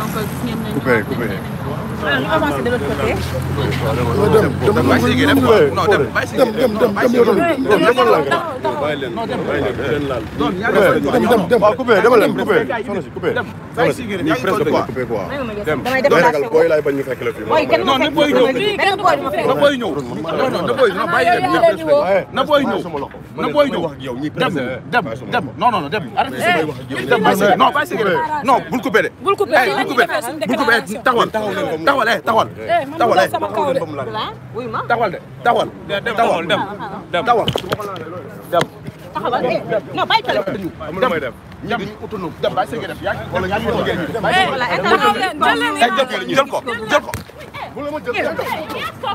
donc gis ngeen ne. coupé coupé. voilà ñu avancé de l'autre côté. dem dem dem dem ko bet bu ko bet taxawal taxawal eh taxawal taxawal eh taxawal de taxawal taxawal dem taxawal dem taxawal eh non bàyyi télé amul may dem ñu dañu autonome dem bàyyi sëgg def yaa wala yaa ñu eh, eh, jël ñu dem jël ko jël ko bu la ma jël jël ko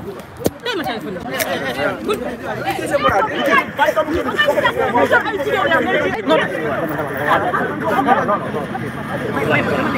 tey ma téléphone bu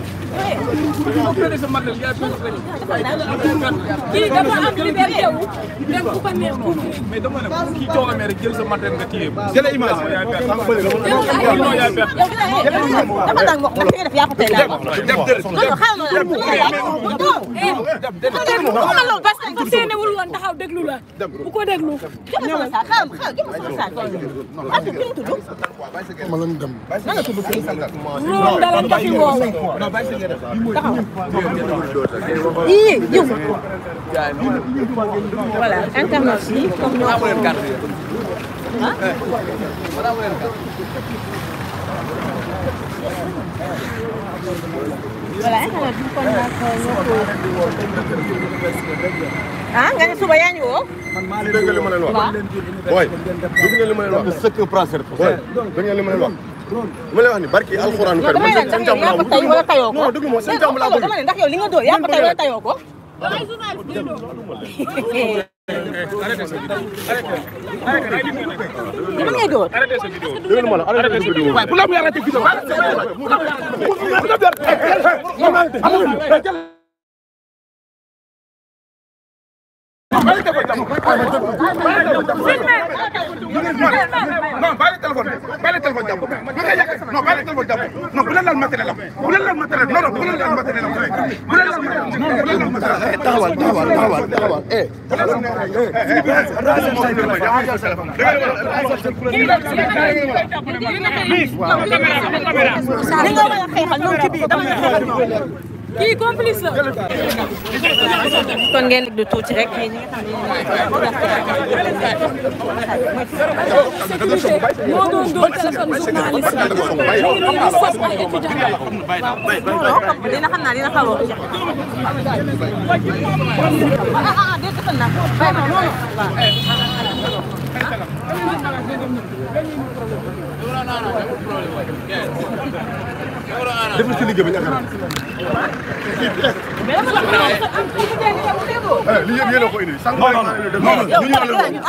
kii dafa am liberté wu dem ku ko neex mais dama ne kii coono mais rek jël sa matériel nga téye ko. jëlee image bi yaa perte am bëri dafa daan wax nga def yaa ko tey daal. fa seenewul woon taxaw déglu la bu ko déglu. ñëwal xaaral xaaral jëmm sama saa tool yi ak ki mu ma lan dem. na nga tudd kii. loolu dara dafi woowu. taxaw yii yëw. voilà internet yi comme ñoo ko Wala yan, alam ko na ko loko. Ah, nga suba yan yo? Dégg nga li ma leen wax. Boy, dégg nga li ma leen wax. Sëkk Prasser. Boy, dégg nga li ma leen wax. ma lay wax ni barki alxuraanu kër. man seen jàmm laa ko wala tayoo ko. non dégg ma seen jàmm laa ko. dama ne ndax yow li nga dóor yaa ko tay wala tayoo ko. dama ngay door. déglu ma la arrêté sa vidéo. waaye bu la muy arrêté vidéo. Filmé. taxawal taxawal taxawal taxawal eh. waaw. kii complice la. kon ngeen di tuuti rek ñi nga xam ne sécurité moo doon doon téléphone journaliste léegi nii di sas ay étudiants dina xam naa dina xaw a jax. ah ah dégg naa bàyyi ma noonu waaw. defal sa liggéey ba ñu akara mais dama la ko wax am ko ko ko indi